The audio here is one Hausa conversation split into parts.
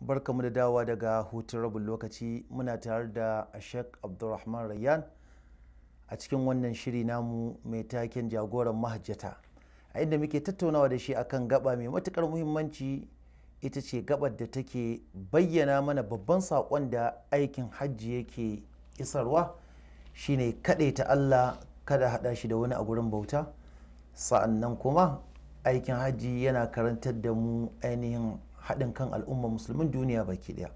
barkamu da dawa daga hutun rabin lokaci muna tare da ashek Abdulrahman Rayyan a cikin wannan shiri namu mai taken jagoran mahajjata a inda muke tattaunawa da shi akan gaba mai matukar muhimmanci ita ce gabar da take bayyana mana babban saƙon da aikin hajji yake isarwa shine ta Allah kada haɗa shi da wani a gurin bauta sa'annan kuma aikin hajji yana karantar da mu ainihin haɗin kan al'umma musulmin duniya baki ɗaya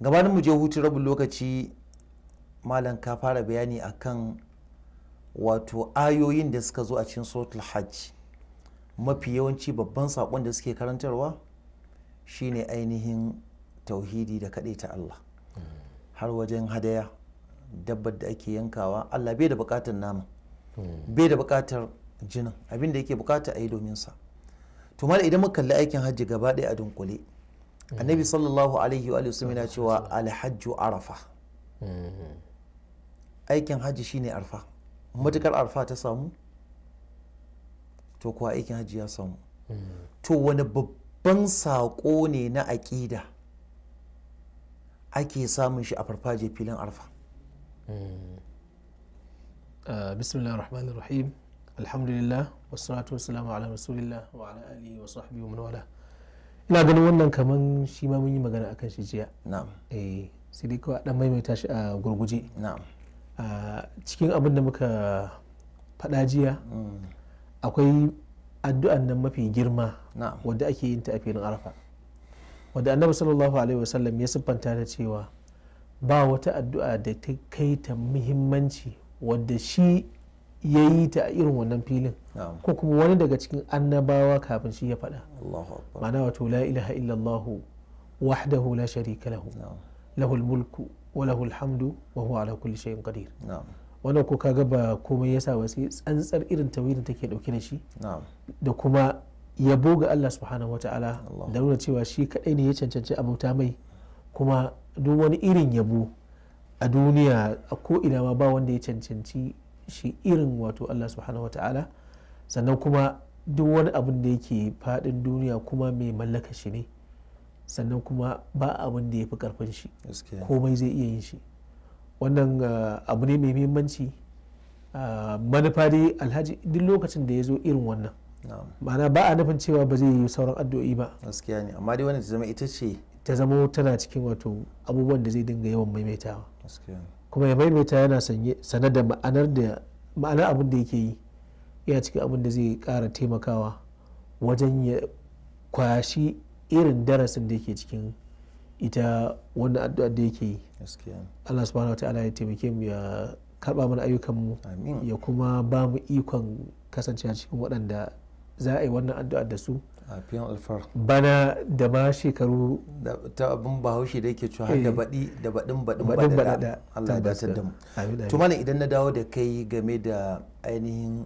gabanin mu je hutu rabin lokaci malam ka fara bayani akan wato ayoyin da suka zo a cikin suratul hajj mafi yawanci babban saƙon da suke karantarwa shine ainihin tauhidi da kaɗai ta Allah har wajen hadaya dabbar da ake yankawa Allah bai da buƙatar nama hmm. bai da buƙatar jinin abinda da yake buƙata a yi domin sa to mal idan muka kalli aikin hajji gaba ɗaya a dunkule mhm. annabi sallallahu alaihi wa sallam yana cewa alhajju arafa mhm. aikin hajji shine arfa matukar arfa ta samu to kuwa aikin hajji ya samu mhm. to wani babban saƙo ne na aƙida ake samun shi a farfaje filin arfa uh, bismillah rahman rahim alhamdulillah wasu salamu ala rasulillah wa ala alihi wa sahbi wa manwala ina ganin wannan kaman shi ma mun yi magana akan shi jiya na'am eh sai dai kawai dan maimaita shi a gurguje na'am a cikin abin da muka faɗa jiya mm. akwai addu'an nan mafi girma wadda ake yin ta a filin arafa wadda annabi sallallahu alaihi wasallam ya siffanta ta cewa ba wata addu'a da ta kai ta muhimmanci wadda shi ya yi ta irin wannan filin ko kuma wani daga cikin annabawa kafin shi ya faɗa ma'ana wato la ilaha illallahu wahdahu la sharika lahu lahul mulku wa lahul hamdu wa huwa ala kulli shay'in qadir wannan ko kaga ba komai yasa ba sai tsantsar irin tawhidin take dauke da shi da kuma yabo ga Allah subhanahu wataala da nuna cewa shi kadai ne ya cancanci abauta mai kuma duk wani irin yabo a duniya a ko ina ma ba wanda ya cancanci shi irin wato Allah subhanahu wata'ala sannan kuma duk wani abin da yake faɗin duniya kuma mai mallaka shi ne sannan kuma ba abin da ya fi karfin shi komai zai iya yin shi wannan ah, abu ne mai muhimmanci ah, manufa dai alhaji duk lokacin da ya zo irin wannan ma'ana ba a nufin cewa ba zai yi sauran addu'o'i ba gaskiya ne amma dai wannan ta zama ita ce ta zama tana cikin wato abubuwan da zai dinga yawan maimaitawa kuma ya maimaita yana sane da ma'anar da abin da yake yi ya cikin abin da zai kara taimakawa wajen ya kwashi irin darasin da yake cikin ita wannan addu'a da yake yi Allah subhanahu wa ta'ala ya taimake mu ya karba mana ayyukan mu ya kuma ba mu ikon kasancewa cikin waɗanda za a yi wannan addu'a da su a fiyan alfar bana da ma shekaru ta abin bahaushe da yake cewa da eh. baɗi da baɗin baɗin baɗaɗa Allah ya ta damu to mana idan na dawo da kai game da ainihin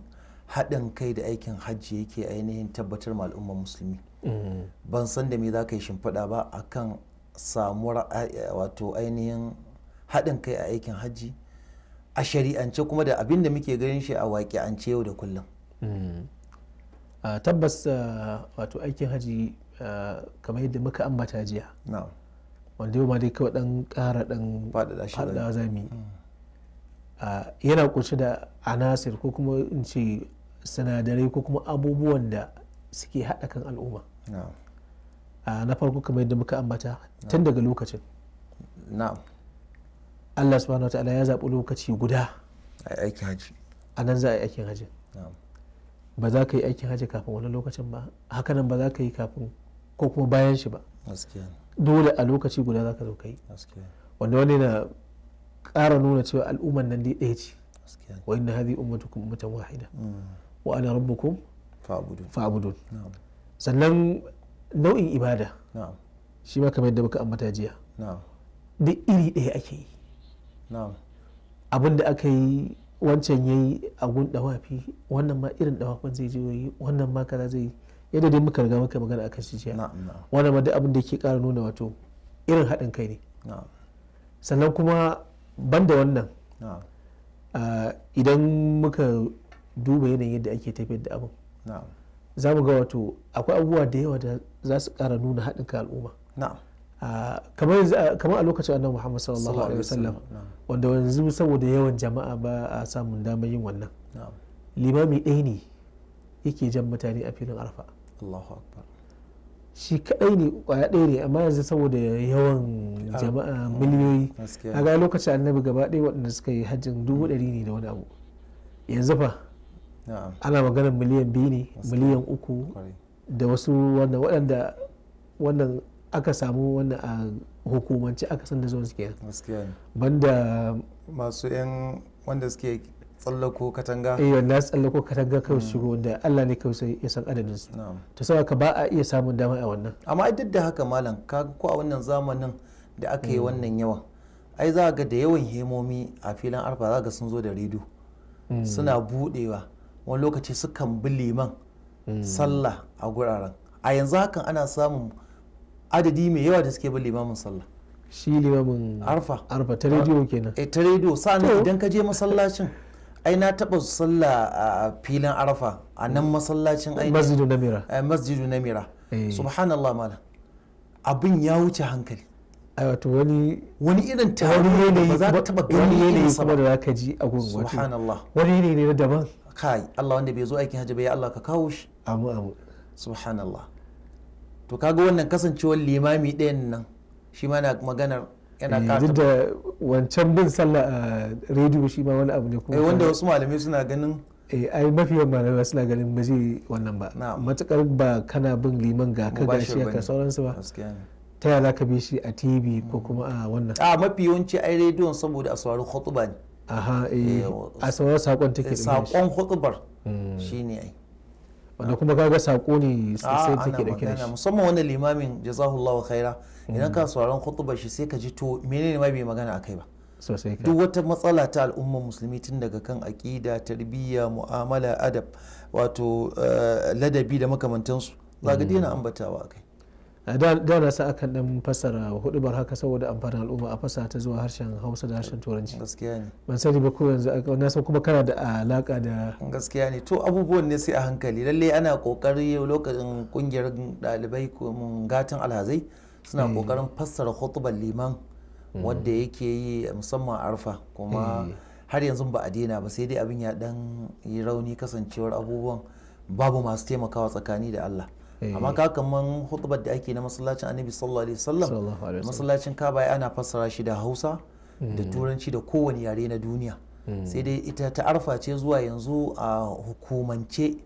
haɗin kai da aikin hajji yake ainihin tabbatar ma al'ummar musulmi mm. ban san da me za ka yi shimfiɗa ba akan samuwar wato ainihin haɗin kai a aikin hajji a shari'ance kuma da abin da muke ganin shi a waƙi'ance yau da kullum mm. a ah, tabbas ah, wato aikin haji ah, kamar yadda muka ambata jiya wanda yau ma dai kawai dan kara dan faɗaɗa zami hmm. yana kunshi da anasir ko kuma in ce sinadarai ko kuma abubuwan da suke haɗa kan al'umma na farko kamar yadda muka ambata tun daga lokacin Allah subhanahu wa ta'ala ya zaɓi lokaci guda a aikin haji a nan za a yi aikin haji ba za ka yi aikin hajji kafin wani lokacin ba hakanan ba za ka yi kafin ko kuma bayan shi ba dole a lokaci guda za ka zo kai. wanda wani na ƙara nuna cewa al'umman nan dai ɗaya ce wa inna hadhi ummatukum ummatan wahida mm. wa ana rabbukum fa'budun sannan nau'in ibada shi ma kamar yadda muka ambata jiya duk iri ɗaya ake yi abin da aka yi wancan ya yi agun dawafi wannan ma irin dawafin zai je yi wannan ma kaza zai yi yadda dai muka riga muka magana akan shi jiya wannan ma duk abin da ke kara nuna wato irin haɗin kai ne sannan kuma banda wannan idan muka duba yanayin yadda ake tafiyar da abin za mu ga wato akwai abubuwa da yawa da za su kara nuna haɗin ka al'umma kamar a lokacin annabi muhammad sallallahu alaihi wasallam wanda yanzu saboda yawan jama'a ba a samun damar yin wannan limami ɗaya ne yake jan mutane a filin arfa shi kaɗai ne ƙwaya ɗaya ne amma yanzu saboda yawan ah, jama'a ah, miliyoyi a ga lokacin annabi gaba ɗaya waɗanda suka yi hajjin dubu ɗari ne da wani abu yanzu fa ana maganar miliyan biyu ne miliyan uku da wasu wannan waɗanda wannan aka samu wannan a hukumance aka san da zuwan su kenan banda masu yan wanda suke tsallako katanga eh wanda su tsallako katanga kawai shigo da Allah ne kawai sai ya san adadin su to saboda ba a iya samun dama a wannan amma duk da haka malam kaga ko a wannan zamanin da aka yi hmm. wannan yawa, ai za ga da yawan hemomi a filin arfa za ga sun zo da redu hmm. suna budewa wani lokaci sukan bi liman hmm. sallah a guraren a yanzu hakan ana samun adadi mai yawa da suke bin limamin sallah shi limamin arfa arfa ta rediyo kenan eh ta rediyo sa'an idan ka je masallacin ai na taba sallah a filin arfa a nan mm. masallacin ai masjidu namira eh, masjidu namira eh. subhanallah malam abin ya wuce hankali ai wato wani wani irin taron ne ba za ka taba gani ne kuma da zaka ji a gurin wato subhanallah wani ne ne na daban kai Allah wanda bai zo aikin hajji ba ya Allah ka kawo shi amu amu subhanallah to kaga wannan kasancewar limami ɗayan nan shi ma na maganar yana eh, ka duk da wancan bin sallah a rediyo shi ma wani abu ne kuma eh, wanda wasu malamai suna ganin eh ai mafiyan malamai suna ganin ba zai wannan ba matukar ba kana bin liman ga ka gashi ka sauransu ba ta yaya ka bi shi a tv ko hmm. kuma a wannan a mafi yawanci ai rediyon saboda a saurari khutuba ne aha eh, eh a saurari sakon take saƙon khutubar hmm. shine ai wanda kuma kaga sako ne sai take da shi musamman wannan limamin jazahullahu khaira idan mm. ka sauraron khutbar shi sai ka ji to menene ma bai magana akai ba duk wata matsala ta al'ummar musulmi tun daga kan aƙida tarbiyya mu'amala adab wato eh, ladabi da makamantansu za ga mm. daina ambatawa akai da na sa akan dan fassara hudubar haka saboda amfanin al'umma a fasa ta zuwa harshen hausa da harshen turanci gaskiya ne ban sani ba ko yanzu na san kuma kana da alaka da gaskiya ne to abubuwan ne sai a hankali lalle ana kokari lokacin kungiyar dalibai gatan alhazai suna kokarin eh. fassara khutbar liman mm. wanda yake yi musamman arfa kuma eh. har yanzu ba a daina ba sai dai abin ya dan yi rauni kasancewar abubuwan babu masu taimakawa tsakani da Allah Eh. amma ka kaman hutubar da ake na masallacin annabi sallallahu alaihi wasallam masallacin kaba ana fassara shi da hausa da mm. turanci da kowane yare na duniya mm. sai dai ita ta arfa ce zuwa yanzu a hukumance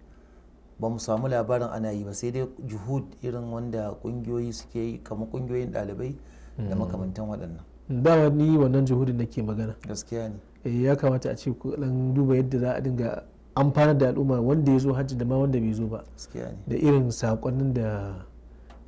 ba mu samu labarin ana yi ba sai dai juhud irin wanda kungiyoyi suke yi kamar kungiyoyin ɗalibai da mm. makamantan waɗannan dama ni wannan juhudin nake magana gaskiya ne eh, ya kamata a ce dan duba yadda za a dinga an amfanar da al'umma wanda ya zo hajji da ma wanda bai zo ba da irin sakonnin da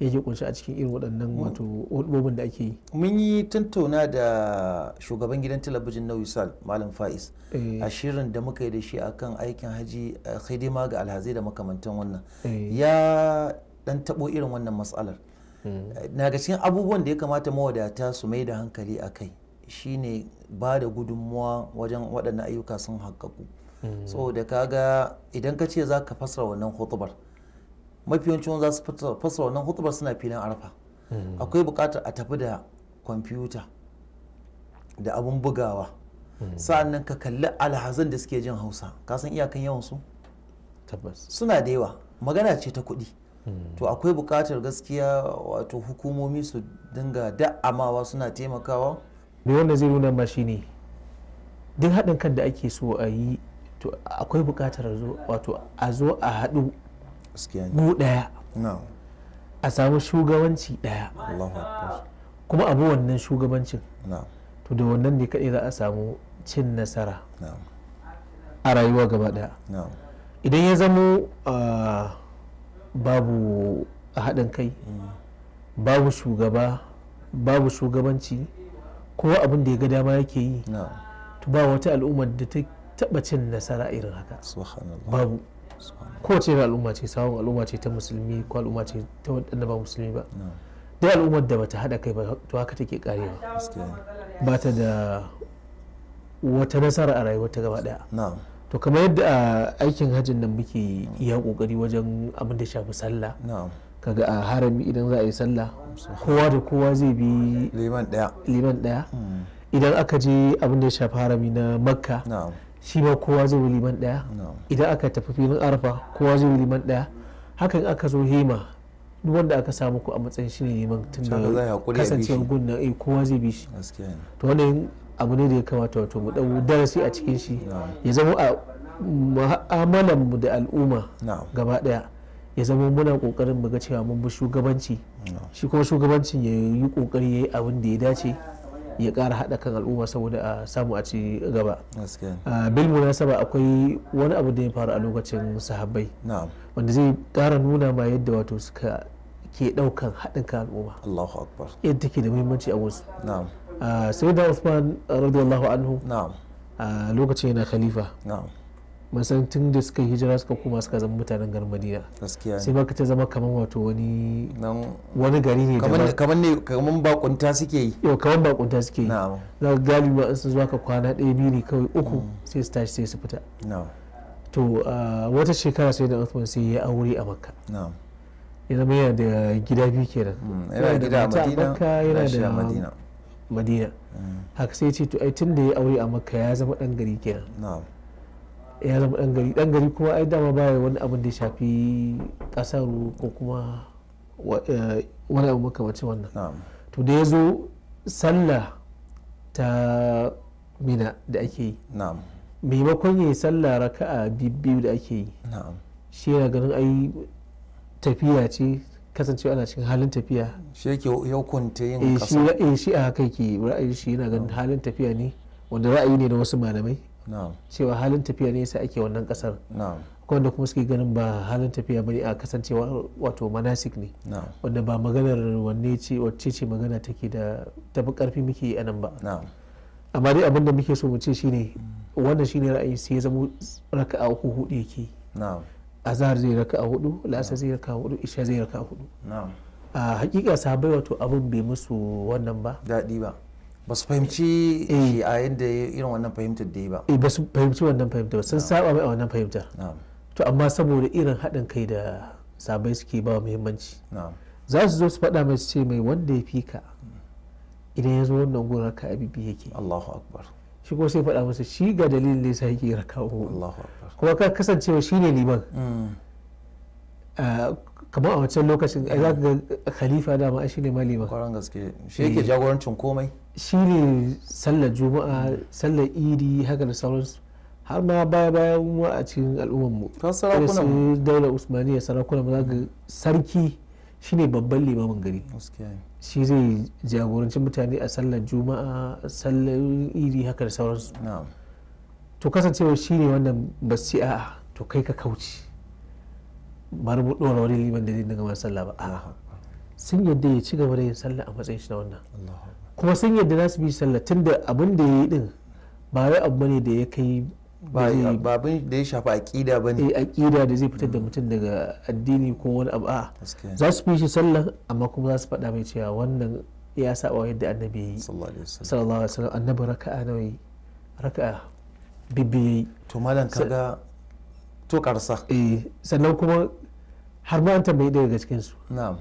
yake kunshi a cikin irin waɗannan mm. wato hudubobin da ake yi mun yi tattauna da shugaban gidan talabijin na wisal malam fais eh. a shirin da muka yi da shi akan aikin haji hidima eh, ga alhazai da makamantan wannan eh. ya dan tabo irin wannan matsalar hmm. na ga cikin abubuwan da ya kamata mawadata su mai da hankali a kai shine ba da gudunmuwa wajen waɗannan ayyuka sun haƙaƙu saboda kaga idan ka ce za ka fasara wannan hutubar mafi yawancin za su fasara wannan hutubar suna filin arfa akwai bukatar a tafi da kwamfuta da abun bugawa sa'annan ka kalli alhazan da suke jin hausa ka san iyakan yawan su suna da yawa magana ce ta kuɗi to akwai bukatar gaskiya wato hukumomi su dinga da'amawa suna taimakawa mai wanda zai nuna ma shine duk haɗin kan da ake so a yi to akwai buƙatar wato a zo a haɗu mu ɗaya a samu shugabanci ɗaya kuma abu wannan shugabancin to da wannan ne kaɗai za a samu cin nasara a rayuwa gaba ɗaya idan ya zamo ah, babu haɗin kai mm. babu shugaba babu shugabanci kowa abin da ya ga dama yake yi to ba wata al'ummar da ta taɓa cin nasara irin haka babu kowace irin al'umma ce sawon al'umma ce ta musulmi ko al'umma ce ta waɗanda ba musulmi ba dai al'ummar da bata haɗa kai ba to haka take karewa ba ta da wata nasara a rayuwar ta gaba ɗaya to kamar yadda a aikin hajjin nan muke iya kokari wajen abin da shafi sallah kaga a harami idan za a yi sallah kowa da kowa zai bi liman ɗaya hmm. idan aka je abin da shafi harami na makka shi ma kowa zai wuli liman daya idan aka tafi filin arfa kowa zai wuli liman daya hakan aka zo hema duk wanda aka samu ku a matsayin shi ne liman tun da kasancewar gunnan a eh, kowa zai bi shi to wani abu ne da ya kamata wato mu dau darasi a cikin shi ya zama a ma'amalan mu da al'umma gaba daya ya zama muna kokarin mu ga cewa mun bi shugabanci shi kuma shugabancin ya yi kokari ya yi abin da ya dace ya kara haɗa kan al'umma saboda a samu a ci gaba bil munasaba akwai wani abu da ya faru a lokacin sahabbai wanda zai ƙara nuna ma yadda wato suka ke ɗaukan haɗin kan al'umma yadda take da muhimmanci a wasu sai da usman radiyallahu anhu a lokacin yana khalifa san tun da suka hijira suka koma suka zama mutanen garin madina sai maka ta zama kamar wato wani wani gari ne kamar ne kamar bakunta suke yi yau kamar bakunta suke yi za ka galibi in sun zuwa ka kwana ɗaya biyu ne kawai uku mm. sai su tashi sai su fita to ah, wata shekara sai da Uthman sai ya aure a makka ya zama yana da gida biyu kenan mm, yana da mata a yana da madina mm. haka sai ce to ai tun da ya aure a makka ya zama ɗan gari kenan Eh, ya zama gari dan gari kuma ai dama baya wani abin da ya shafi kasar ko kuma eh, wani abu makamacin wannan to da ya zo sallah ta mina da ake yi maimakon ya yi sallah raka'a biyu da ake yi shi yana ganin ai tafiya ce kasancewa ana cikin halin tafiya shi yake hukunta yin kasa eh, shi a haka yake ra'ayin shi yana ganin halin tafiya ne wanda ra'ayi ne na wasu malamai cewa halin tafiya ne yasa ake wannan kasar wanda kuma suke ganin ba halin tafiya bane a kasancewa wato manasik ne wanda ba maganar wanne ce wacce ce magana take da tafi karfi muke a anan ba amma dai abinda muke so mu ce shine wannan shine ra'ayi sai ya zama a uku hudu yake azhar zai raka a hudu lasa zai raka a hudu isha zai raka a hudu a hakika sabai wato abin bai musu wannan ba daɗi ba ba su fahimci mm. shi a yadda irin wannan fahimtar da yi ba eh, ba su fahimci wannan fahimtar ba sun saba mai a wannan fahimtar to amma saboda irin haɗin kai da sabai suke ba muhimmanci za su zo su faɗa mai su ce mai wanda ya fi ka idan ya zo wannan gurin ka abibi yake Allahu akbar shi ko sai faɗa masa shi ga dalilin da yasa yake rakawo Allahu akbar kuma ka kasancewa shine liman mm. kamar a wancan lokacin a za ga khalifa dama shi ne malima kwaran gaske shi eh. yake jagorancin komai shi ne sallar juma'a sallar idi haka da sauransu har ma baya bayan wa a cikin al'ummar mu kan sarakunan mu daular usmaniya sarakunan mu za ga sarki shine babban limamin gari shi zai jagoranci mutane a sallar juma'a sallar idi haka da sauransu to kasancewa shi ne wannan basi'a to kai ka kauce bar mu dora wani liman da zai daga wani sallah ba a'a sun yadda ya ci gaba da yin sallah a matsayin shi na wannan kuma sun yadda za su bi sallah tun da abin da ya yi din ba wai abu bane da ya kai ba abin da ya shafi aƙida ba ne eh, aƙida da zai fitar da mm. mutum daga addini ko wani abu a za su bi shi sallah amma kuma za su faɗa mai cewa wannan ya saba yadda annabi ya yi sallallahu alaihi wasallam annabi raka'a nawa raka'a bibbi ya yi to malam kaga to karsa eh sannan kuma har ma an tambayi daga gaskin su na'am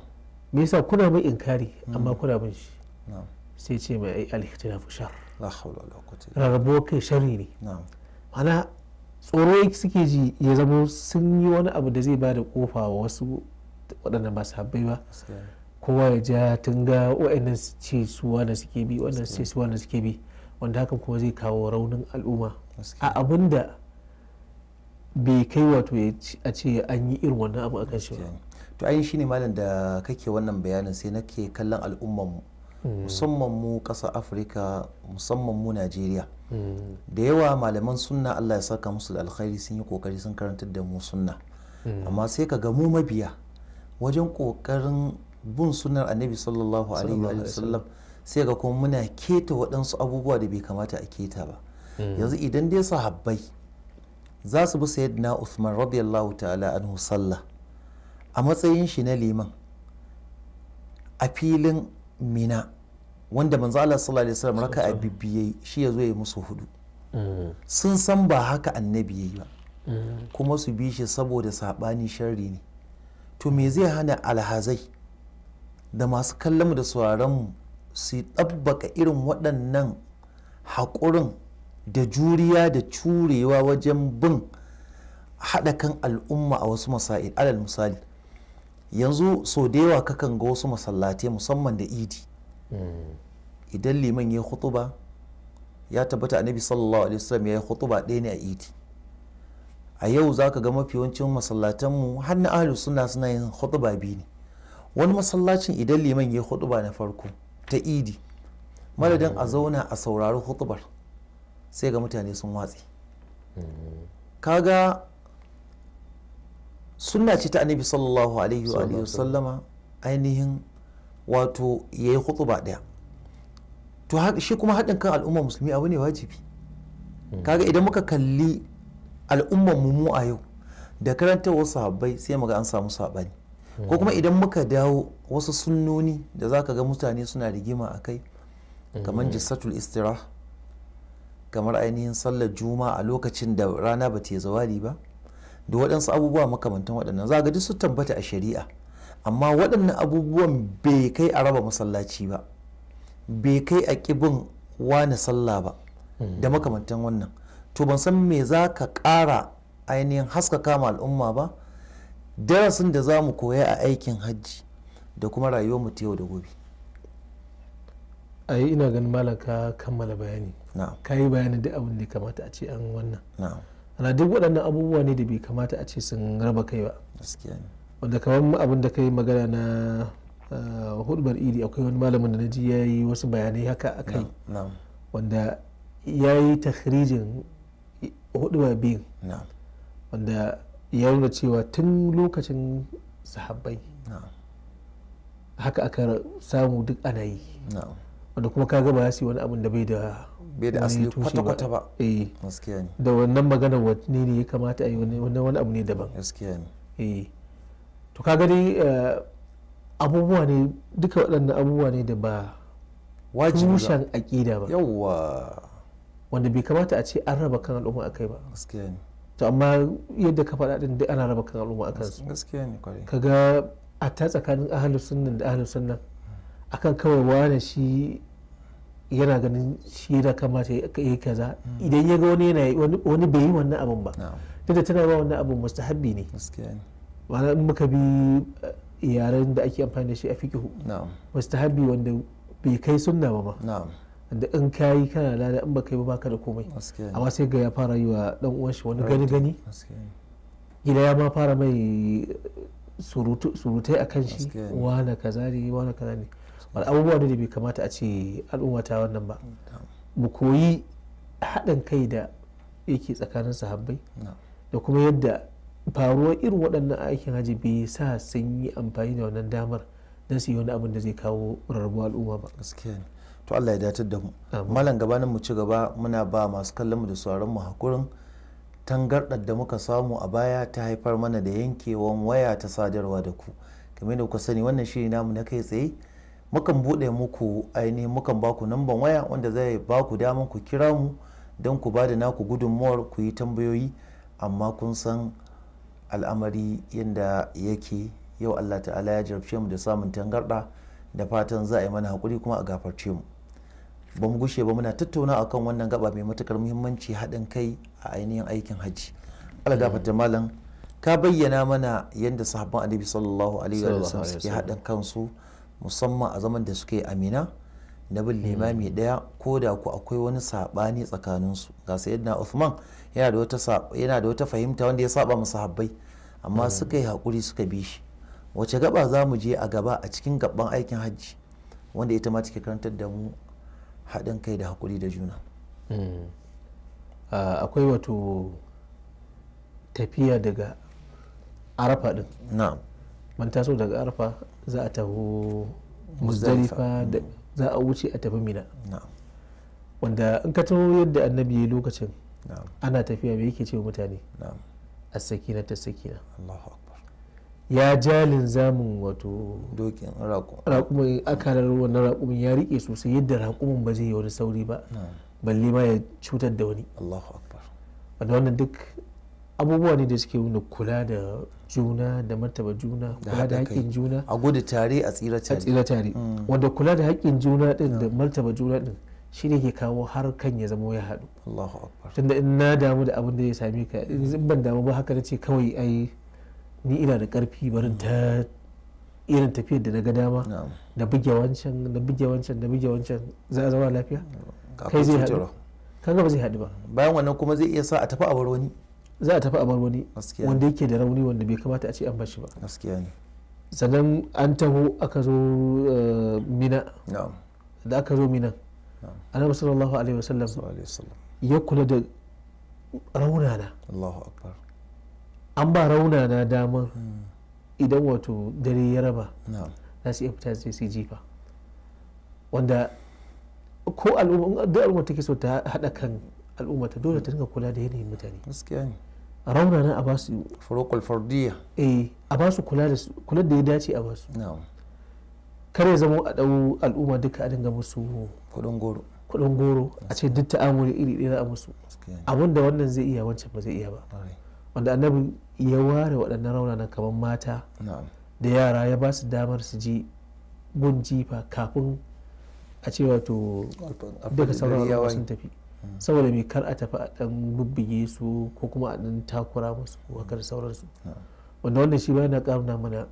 me yasa kuna mai inkari amma mm. kuna bin shi na'am sai ce mai ai al-ikhtilafu shar la hawla wala quwwata rabbuka kai sharri ne na'am mana tsoro suke ji ya zama sun yi wani abu da zai bada kofa wa wasu waɗanda ba su habbai ba kowa ya ja tun ga wa'annan ce su wanda suke bi wannan ce su wanda suke bi wanda hakan kuma zai kawo raunin al'umma a abinda bai kai wato a ce an yi irin wannan abu a kan ba. to ai shine malam da kake wannan bayanin sai nake kallon al'umman mu hmm. musamman mu ƙasa afirka musamman mu najeriya hmm. da yawa malaman sunna allah ya saka musu da alkhairi sun yi kokari sun karantar da mu sunna hmm. amma sai ka ga mu mabiya wajen kokarin bin sunnar annabi sallallahu alaihi wa sallam sai ga kuma muna keta waɗansu abubuwa da bai kamata a keta ba yanzu idan dai sahabbai za su bi sayyidina Uthman radiyallahu ta'ala anhu sallah a matsayin shi na liman a filin mina wanda manzo Allah sallallahu alaihi wasallam raka'a bibiye shi yazo zo ya musu hudu mm. sun san ba haka annabi yayi ba mm. kuma su bi shi saboda sabani sharri ne to me zai hana alhazai da masu kallon da sauraron mu su ɗabbaka irin waɗannan haƙurin da juriya da curewa wajen bin haɗa kan al'umma a wasu masa'il alal misali yanzu sau da yawa kakan ga wasu masallatai musamman da idi hmm. idan liman ya khutuba ya tabbata annabi sallallahu alaihi wasallam ya yi khutuba ɗaya ne a idi a yau za ka ga mafi yawancin masallatanmu har na ahlus sunna suna yin khutuba biyu ne wani masallacin idan liman ya khutuba na farko ta idi madadin a hmm. zauna a saurari khutubar sai ga mutane sun watse mm-hmm. kaga sunna ce ta annabi sallallahu alaihi wa sallama ainihin wato ya yi khutba daya to shi kuma haɗin kan al'umma musulmi abu ne wajibi mm-hmm. kaga idan muka kalli al'umman mu a yau da wasu sahabbai sai muga an samu saɓani ko kuma mm-hmm. idan muka dawo wasu sunnoni da za ka ga mutane suna rigima a kai kamar jissatul istirah kamar ainihin sallar juma'a a lokacin da rana ba ta zawali ba da waɗansu abubuwa makamantan waɗannan za ga duk su tabbata a shari'a amma waɗannan abubuwan bai kai a raba masallaci ba bai kai a ƙibin wani sallah ba da hmm. makamantan wannan to ban san me za ka ƙara ainihin haskaka ma al'umma ba darasin da za mu koya a aikin hajji da kuma rayuwar mu ta yau da gobe ayi ina ganin malam ka kammala bayani ka yi bayanin duk abin da kamata a ce an wannan ana duk waɗannan abubuwa ne da bai kamata a ce sun raba kai ba wanda kamar abin da kai magana na ah, hudbar iri akwai wani malamin da na ji ya yi wasu bayanai haka a kai wanda ya yi takhrijin hudba biyu wanda ya nuna cewa tun lokacin sahabbai haka aka samu duk ana yi wanda kuma kaga ba su yi wani abin da bai da asali kwata-kwata ba eh. da wannan magana wani ne ya kamata a yi wani wani abu ne daban eh. to kaga dai eh, abubuwa ne duka waɗannan abubuwa ne da ba tushen aƙida ba yawwa wanda bai kamata a ce an raba kan al'umma a kai ba to amma yadda ka faɗa din duk ana raba kan al'umma a kansu ka ga kaga a ta tsakanin ahlus sunnan da ahlus sunnan akan kawai wane shi yana ganin shi da kamata ya yi kaza mm. idan ya ga wani yana wani bai yi wannan abin ba duk da tana ba wannan abin mustahabbi ne ma'ana in muka bi eh, yaren da ake amfani da shi a fiƙihu mustahabbi wanda bai kai sunna ba ba da in ka yi kana lada in baka yi ba baka da komai amma sai ga ya fara yi wa dan uwan shi wani gani gani gida ya ma fara mai eh, surutai a kan shi wane kaza ne wane kaza ne abubuwa da bai kamata a ce al'umma ta wannan ba mu koyi haɗin kai da yake tsakanin sahabbai da kuma yadda faruwar irin waɗannan aikin hajji bai sa sun yi amfani da wannan damar don su yi wani abin da zai kawo rarrabuwa al'umma ba to Allah ya datar da mu malam gabanin mu ci gaba muna ba masu kallon mu da sauran mu hakurin tangardar da muka samu a baya ta haifar mana da yankewan waya ta sadarwa da ku kamar da kuka sani wannan shiri namu na kai tsaye mukan buɗe muku ainihin mukan baku namban waya wanda zai baku daman ku kira mu don ku bada naku gudunmuwar ku yi tambayoyi amma kun san al'amari yadda yake yau allah ta'ala ya jarabce mu da samun tangarɗa da fatan za a yi mana haƙuri kuma a gafarce mu ba mu gushe ba muna tattauna akan wannan gaba mai matukar muhimmanci haɗin kai a ainihin aikin hajji ala gafarta malam ka bayyana mana yadda sahabban annabi sallallahu alaihi sallam suke haɗin kansu musamman a zaman da suke amina na bin limami daya hmm. ko da ku akwai wani sabani tsakaninsu ga sayyidina Uthman yana da wata yana da wata fahimta wanda ya saba musu habbai amma hmm. suka yi hakuri suka bi shi wace gaba za mu je a gaba a cikin gaban aikin hajji wanda ita ma take karantar da mu haɗin kai da hakuri da juna hmm. akwai wato tafiya daga arafa din na'am man taso daga arfa za a taho muzdalifa za a wuce a tafi mina wanda in ka taho yadda annabi ya lokacin ana tafiya mai yake ce mutane a sakina ta sakina ya jalin zamun wato dokin akalar wannan raƙumin ya riƙe sosai yadda raƙumin ba zai yi wani sauri ba balle ma ya cutar da wani wanda wannan duk abubuwa ne da suke nuna kula da juna da martaba juna kula da haƙƙin juna a gudu tare a tsira tare mm. wanda kula da haƙƙin juna din da martaba juna din shi ne ke kawo har kan ya zama ya haɗu tunda in na damu da abin da ya same ka in ban damu ba haka na ce kawai ai ni ina da ƙarfi barin ta irin tafiyar da na ga dama da buge wancan da buge wancan da buge wancan za a zama lafiya mm. kai zai haɗu kan ba zai haɗu ba bayan wannan kuma zai iya sa a tafi a wani za a tafi a bar wani wanda yake da rauni wanda bai kamata a ce an bashi ba sannan an taho aka zo eh, mina da aka zo mina annabi sallallahu alaihi wasallam ya kula da raunana an ba raunana damar hmm. idan wato dare ya raba za su iya fita su jifa wanda ko al'umma take so ta haɗa kan al'umma ta dole ta dinga kula da yanayin mutane gaskiya ne a rauna na a ba su furukul fardiya eh a ba su kula da kula da ya dace a ba su kar ya zama a dau al'umma duka a dinga musu kudin goro kudin goro a ce duk ta'amuri iri ɗaya a musu abinda wannan zai iya wancan ba zai iya ba wanda annabi ya ware waɗannan raunanan kamar mata da yara ya ba su damar su ji gun jifa kafin a ce wato duka sauran sun tafi saboda mai kar a tafi a dan bubbige su ko kuma a dan takura musu haka da sauransu wanda wannan shi bayan na karna mana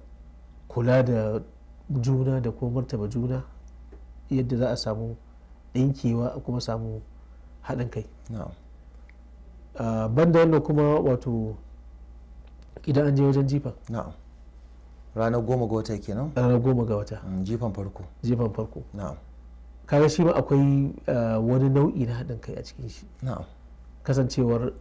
kula da juna da kuma martaba juna yadda za a samu ɗinkewa a kuma samu haɗin kai ah, banda wannan kuma wato idan an je wajen jifa ranar goma ga wata kenan ranar goma ga wata mm, jifan farko jifan farko na'am kaga shi ma akwai eh, wani nau'i na haɗin kai a cikin shi kasancewar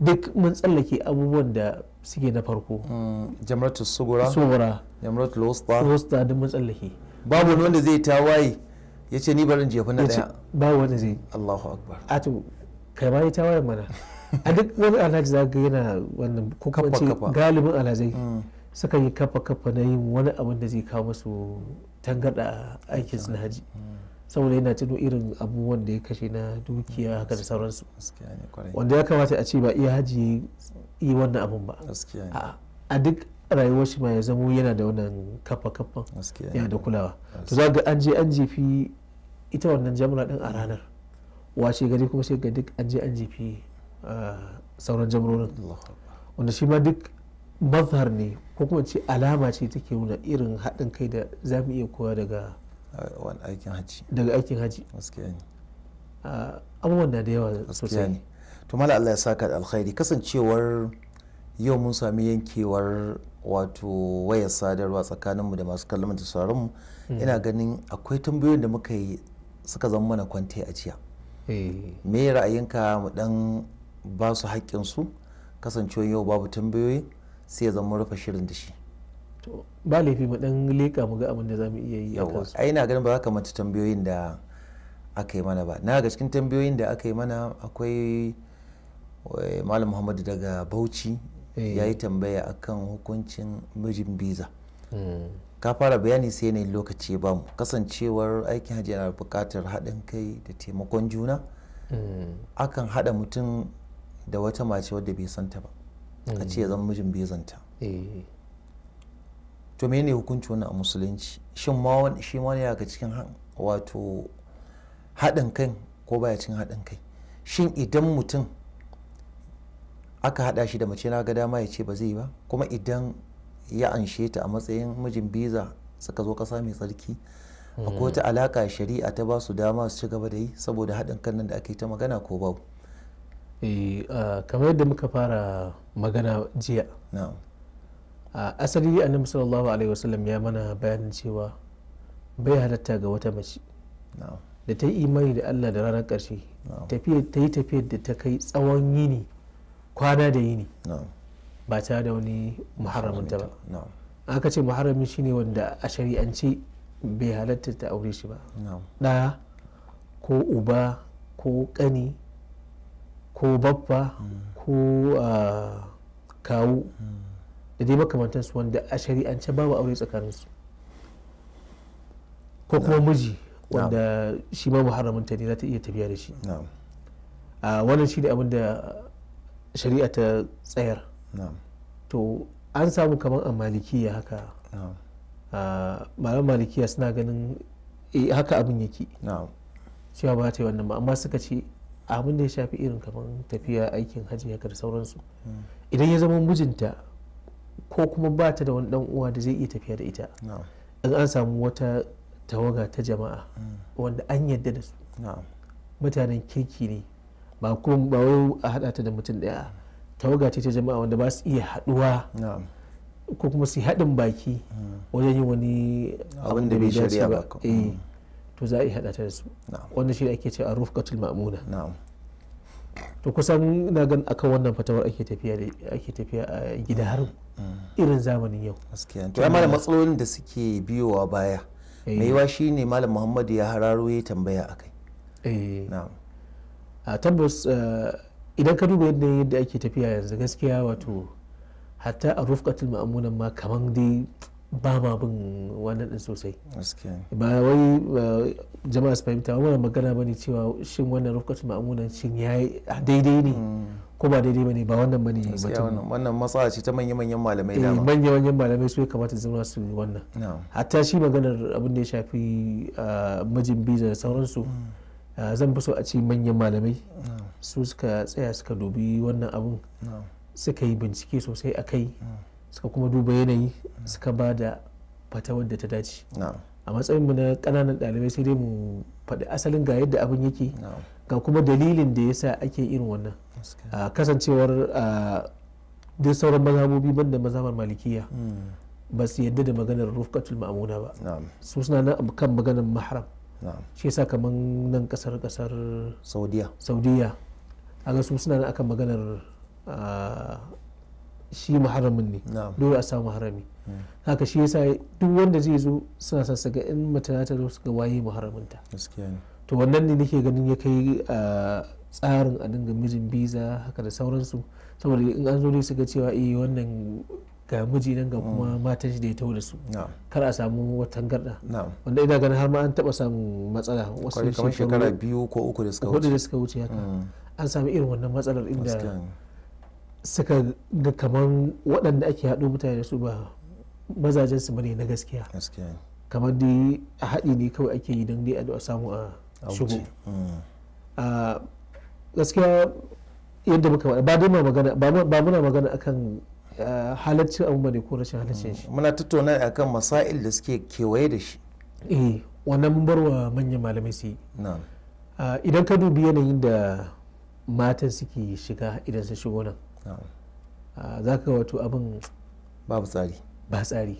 duk mun tsallake abubuwan da suke na farko mm, jamratu sugura sugura jamratu losta losta duk mun tsallake babu wani wanda zai tawaye ya ce ni barin jefa na daya babu wanda zai allahu akbar a to kai ma ya tawaye mana a duk wani alhaji za ga yana wannan ko kafa kafa galibin alhazai mm. suka yi kafa kafa na yin wani abin da zai kawo masu tangarda aikin na haji mm. saboda yana tuno irin abubuwan da ya kashe na dukiya haka da sauransu wanda ya kamata a ce ba iya haji yi wannan abun ba a duk rayuwar shi ma ya zamo yana da wannan kafa kafa yana da kulawa to za ga an je an jefi ita wannan jamura din a ranar washe gari kuma sai ga duk an je an jefi sauran jamurorin wanda shi ma duk mazhar ne ko kuma ce alama ce take nuna irin haɗin kai da za mu iya koya daga wani aikin hajji daga aikin hajji abubuwan da yawa sosai ne to mala Allah ya saka da alkhairi kasancewar yau mun sami yankewar wato wayar sadarwa tsakaninmu da masu kallon da sauran mu hmm. ina ganin akwai tambayoyin da muka yi suka zama mana kwante a jiya eh. me ra'ayinka mu dan ba su haƙƙin su kasancewar yau babu tambayoyi sai ya zama rufe shirin da shi ba laifi mu dan leka mu ga abin da zamu iya yi a ai ina ganin ba za ka manta tambayoyin da aka yi mana ba na ga cikin tambayoyin da aka yi mana akwai eh, malam muhammadu daga bauchi eh. ya yi tambaya akan hukuncin mijin biza hmm. ka fara bayani sai ne lokaci ba mu kasancewar aikin hajji yana buƙatar haɗin kai da taimakon juna hmm. akan haɗa mutum da wata mace wadda bai santa ba a ce ya hmm. zama mijin bai zanta eh. to menene hukunci wannan a musulunci shin ma shi ma ne cikin wato haɗin kai ko baya cikin haɗin kai shin idan mutum aka haɗa shi da mace na ga dama ya ce ba zai ba kuma idan ya anshe ta a matsayin mijin biza suka zo ƙasa mai tsarki akwai wata hmm. alaƙa shari'a ta ba su dama su ci gaba da yi saboda haɗin kan nan da aka ake ta magana ko babu eh, ah, kamar yadda muka fara magana jiya asali annabi sallallahu alaihi wasallam ya mana bayanin cewa bai halatta ga wata mace da ta yi imani da allah da ranar ƙarshe ta yi tafiyar da ta kai tsawon yini kwana da yini ba tare da wani muharraminta ba aka ce shi shine wanda a shari'ance bai halatta ta aure shi ba ɗaya ko uba ko ƙani ko babba hmm. ko ah, kawu hmm. da dai makamantansu wanda a shari'ance babu aure tsakaninsu ko kuma miji wanda shi ma muharraminta ne za ta iya tafiya da shi a wannan shi ne abin da shari'a ta tsayar to an samu kamar a malikiya haka malam malikiya suna ganin eh, haka abin yake cewa ba ta yi wannan ba amma suka ce abin da ya shafi irin kamar tafiya aikin hajji haka da sauransu hmm. idan ya zama mijinta ko kuma ba ta da wani dan uwa da zai iya tafiya da ita in an samu wata tawaga ta jama'a mm. wanda an yadda da su mutanen kirki ne ba kuma ba wai a hada ta da mutum daya tawaga ce ta jama'a wanda ba su iya haduwa ko kuma su haɗin baki mm. wajen yi wani abin da bai shari'a ba mm. eh, to za a iya hada ta da su wanda shi ake cewa rufkatul ma'muna to kusan na gan akan wannan fatawar ake tafiya tafiya a gida har irin zamanin yau to ya malam matsalolin da suke biyowa baya eh. mai yiwa shine malam muhammadu ya hararo ya tambaya akai eh a tabbas eh, idan ka duba yadda yadda ake tafiya yanzu gaskiya wato hatta a rufqatul ma'amunan ma kaman dai ba ma bin wannan din sosai ba wai jama'a su fahimta wannan magana bane cewa shin wannan rufkatu ma'amunan shin ya daidai ne hmm. ko ba daidai bane ba wannan bane batun wannan matsala ce ta manya-manyan malamai dama eh, manya-manyan malamai su ya kamata zama su wannan hatta shi maganar abin da ya shafi ah, majin biza da sauransu hmm. ah, zan fi so a ce manyan malamai su suka tsaya suka dubi wannan abun suka yi bincike sosai a kai hmm. suka kuma duba yanayi suka ba da fata da ta dace a matsayin mu na ƙananan ɗalibai sai dai mu faɗi asalin ga yadda abin yake ga kuma dalilin da yasa ake irin wannan kasancewar duk sauran mazhabobi banda mazhabar malikiya hmm. ba su yadda da maganar rufkatul ma'amuna ba su suna nan kan maganar mahram shi yasa kamar nan kasar kasar saudiya saudiya aga su suna nan akan maganar shi muharramin ne dole a samu harami hmm. haka shi yasa duk wanda zai zo suna sa su ga in mata ta zo su ga waye muharraminta to wannan ne nake ganin ya kai a tsarin a dinga mijin biza haka da sauransu saboda in an zo ne su ga cewa eh wannan ga miji nan ga kuma hmm. matan shi da ya tau da su kar a samu wata garda wanda ina ganin har ma an taba samun matsala wasu shekara biyu ko uku da suka wuce haka hmm. an samu irin wannan matsalar inda suka ga kamar waɗanda ake haɗu mutane da su ba mazajen su bane na gaskiya kamar dai a haɗi ne kawai ake yi don dai a samu a shigo mm. gaskiya yadda muka ba dai magana ba muna magana akan halaccin abu ne ko rashin halaccin shi mm. muna tattauna akan masail da suke kewaye da shi eh wannan mun bar wa manyan malamai su yi idan ka dubi yanayin da matan suke shiga idan sun shigo nan Ah, za ka wato abin babu tsari ba tsari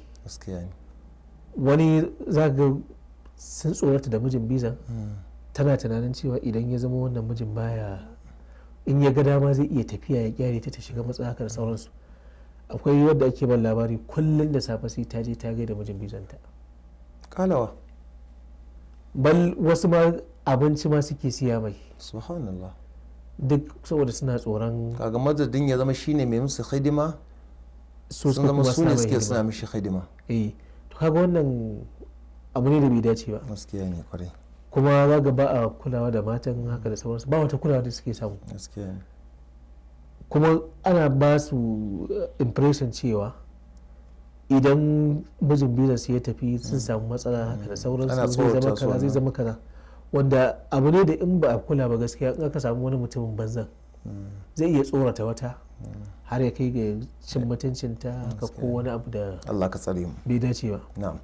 wani za ga sun tsorata da mijin bizan hmm. tana tunanin cewa idan ya zama wannan mijin baya in ya ga dama zai iya tafiya ya kyare ta ta shiga matsakar sauransu akwai wadda ake ban labari kullum da safe sai ta je ta da mijin bizanta kalawa bal wasu ma abinci ma suke siya mai subhanallah duk saboda suna tsoron kaga madadin ya zama shine mai musu hidima su zama su ne suke suna mishi hidima eh to kaga wannan abu ne da bai dace ba gaskiya ne kwarai kuma za ga ba a kulawa da matan haka da sauransu ba wata kulawa da suke samu gaskiya ne kuma ana ba su eh, impression cewa idan mijin bizansu ya tafi sun mm. samu matsala haka da sauransu zai zama kaza zai zama kaza wanda abu ne da in ba a kula ba gaskiya in aka samu wani mutumin banzan zai iya tsorata wata har ya kai ga cin mutuncinta ka ko wani abu da Allah ka tsare mu bai dace ba na'am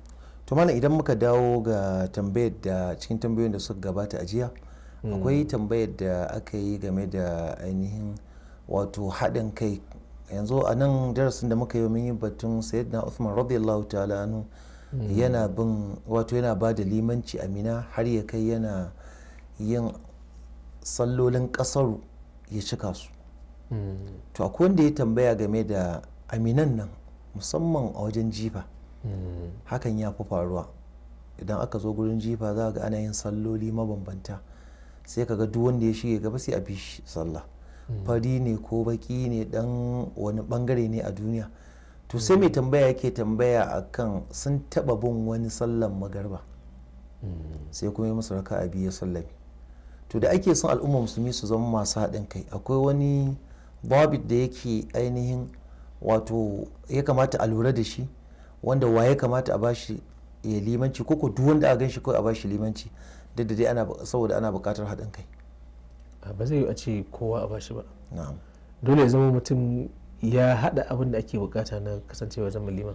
to malam idan muka dawo ga tambayar da cikin tambayoyin da suka gabata a jiya hmm. akwai tambayar da aka yi game da ainihin wato haɗin kai yanzu a nan darasin da muka yi mun yi batun sayyidina Uthman radiyallahu ta'ala anhu yana bin wato yana ba da limanci amina har ya kai yana yin sallolin ƙasar ya cika su to akwai wanda ya tambaya game da aminan nan musamman a wajen jifa hakan ya fi faruwa idan aka zo gurin jifa za ga ana yin salloli mabambanta sai ka ga duk wanda ya shige gaba sai a bi sallah fari ne ko baki ne dan wani bangare ne a duniya to sai mai tambaya yake tambaya akan sun taba bin wani sallan magarba sai kuma yi musu raka biyu ya sallami to da ake son al'umma musulmi su zama masu haɗin kai akwai wani babit da yake ainihin wato ya kamata a lura da shi wanda wa ya kamata a bashi ya limanci ko duk wanda a ganshi kawai a bashi limanci da dai ana saboda ana buƙatar haɗin kai ba zai yi a ce kowa a bashi ba dole ya zama mutum ya hada abin da ake bukata na kasancewa zama liman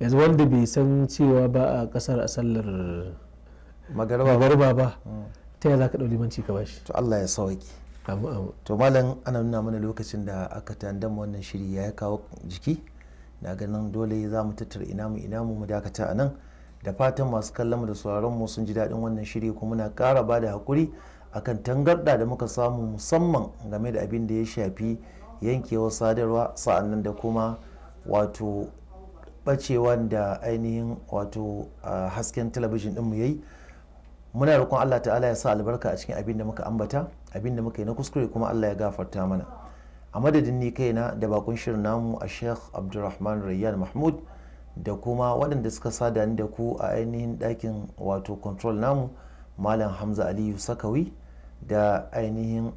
yanzu wanda bai san cewa ba a kasar a sallar magarba ba hmm. ta yaya za ka limanci ka bashi to Allah ya sauki to malam ana nuna mana lokacin da aka tandan wannan shiri ya kawo jiki na ganin dole za mu tattara ina mu ina mu dakata a nan da fatan masu kallon mu da sauraron mu sun ji daɗin wannan shiri kuma muna kara ba da hakuri akan tangarda da muka samu musamman game da abin da ya shafi yankewar sadarwa sa'annan da kuma wato bacewan da ainihin wato hasken talabijin din ya yi muna roƙon allah ta'ala ya sa albarka a cikin abin da muka ambata abin da muka yi na kuskure kuma allah ya gafarta mana a madadin ni kaina da bakun shirin namu a sheikh abdulrahman rayyan mahmud da kuma waɗanda suka sada ni da ku a ainihin ɗakin wato control namu malam hamza aliyu sakawi da ainihin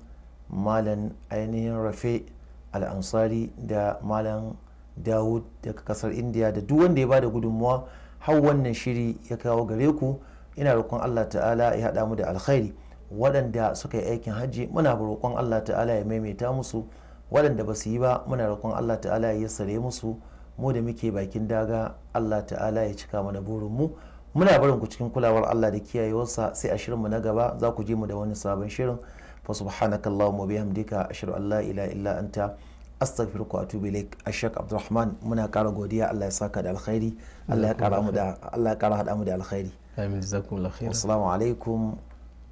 malam ainihin rafe al'ansari da malam dawud daga kasar indiya da duk wanda ya bada gudunmuwa har wannan shiri ya kawo gare ku ina roƙon allah ta'ala ya haɗa mu da alkhairi waɗanda suka yi aikin hajji muna roƙon allah ta'ala ya maimaita musu waɗanda ba su yi ba muna roƙon allah ta'ala ya sare musu mu da muke bakin daga allah ta'ala ya cika mana burinmu muna barin ku cikin kulawar allah da kiyayewarsa sai a shirinmu na gaba za ku je mu da wani sabon shirin fa subhanaka allahumma bihamdika ashhadu an la ilaha illa anta astaghfiruka wa atubu ashak abdurrahman muna kara godiya Allah ya saka da alkhairi Allah ya kara mu hada mu da alkhairi amin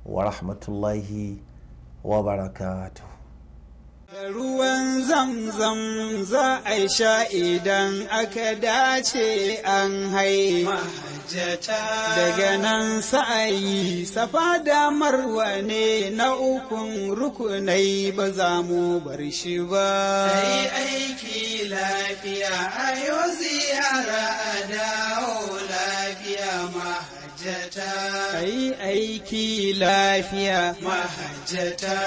wa rahmatullahi wa barakatuh Da ruwan zamzam za a sha idan aka dace an hai daga nan sa'ayi safa da marwa ne na ukun rukunai ba za mu bar shi ba. aiki lafiya a yau ziyara a dawo lafiya ma. kai aiki lafiya mahajjata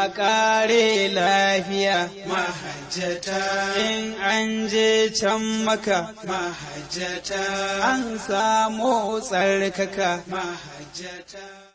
a kare lafiya mahajjata in an je can maka mahajjata an samo tsarkaka mahajjata